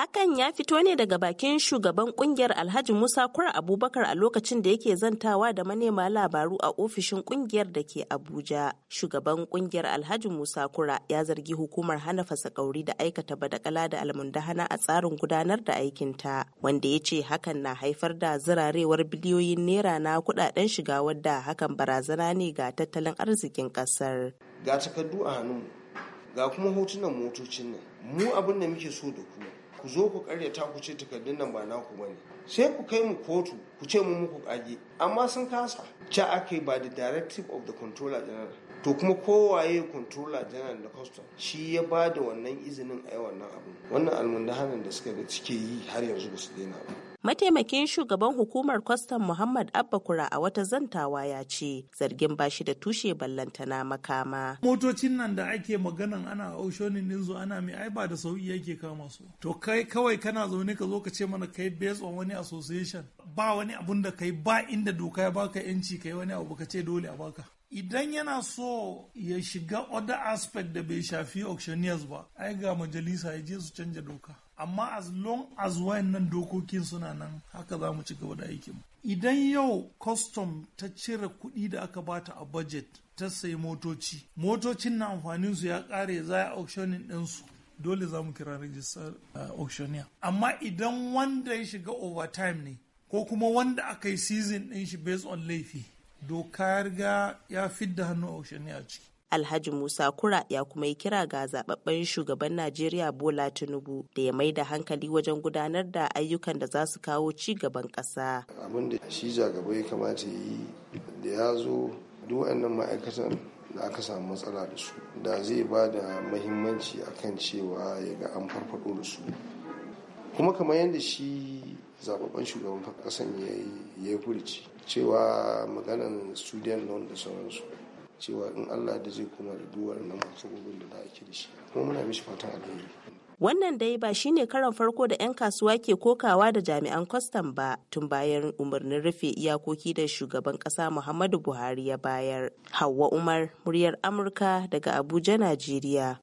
Hakan ya fito ne daga bakin shugaban kungiyar Alhaji Musa Kura Abubakar a lokacin da yake zantawa da manema labaru a ofishin kungiyar da ke Abuja. Shugaban kungiyar Alhaji Musa Kura ya zargi hukumar hana fasakauri da aikata badakala da almundahana a tsarin gudanar da aikinta, wanda ya ce hakan na haifar da zirarewar biliyoyin naira na kudaden shiga wadda hakan barazana ne ga tattalin arzikin kasar. Ga takardu a hannun ga kuma hotunan motocin nan, mu abin da muke so da ku ku zo ku karyata ku ce takardun nan ba naku ba ne. sai ku kai mu kotu ku ce mu muku kage amma sun kasa ca aka yi ba da directive of the controller general to kuma kowaye controller general da custom shi ya ba da wannan izinin a yi wannan abu wannan almundahanan da suka da cike yi har yanzu ba su daina ba Mataimakin shugaban hukumar kwastam Muhammad Abba Kura a wata zantawa ya ce zargin bashi da tushe ballantana makama. Motocin nan da ake maganan ana aushonin ninzo ana mai ai ba da sauki yake kama su. To kai kawai kana zaune ka zo ka ce mana kai based on wani association ba wani abun da kai ba inda doka ya baka yanci kai wani abu ka ce dole a baka. idan yana so ya shiga other aspect da bai shafi auctioneers ba ai ga majalisa ya je su canja doka amma as long as wayannan dokokin suna nan haka za mu ci gaba da aikin idan yau custom ta cire kuɗi da aka bata a budget ta sayi motoci motocin na amfanin su ya ƙare za a auctioning ɗinsu dole za mu kira rijistar eh, auctioneer amma idan wanda ya shiga overtime ne ko kuma wanda aka yi season ɗin shi based on laifi doka ya riga ya fidda hannu a ushanni a ciki Alhaji Musa Kura ya kuma yi kira ga zababben shugaban Najeriya Bola Tinubu da ya mai da hankali wajen gudanar da ayyukan da za su kawo ci gaban ƙasa. Abin da shi zagaba ya kamata yi da ya zo duk ma'aikatan da aka samu matsala da su da zai ba da mahimmanci akan cewa ya ga an farfado da su kuma kamar yadda shi zababben shugaban ƙasan ya yi ya yi cewa maganan student loan da sauransu cewa in Allah da zai kuma da duwar nan masu gudun da za a da shi kuma muna mishi fatan alheri wannan dai ba shine karan farko da 'yan kasuwa ke kokawa da jami'an kwastam ba tun bayan umarnin rufe iyakoki da shugaban kasa muhammadu buhari ya bayar hawa umar muryar amurka daga abuja najeriya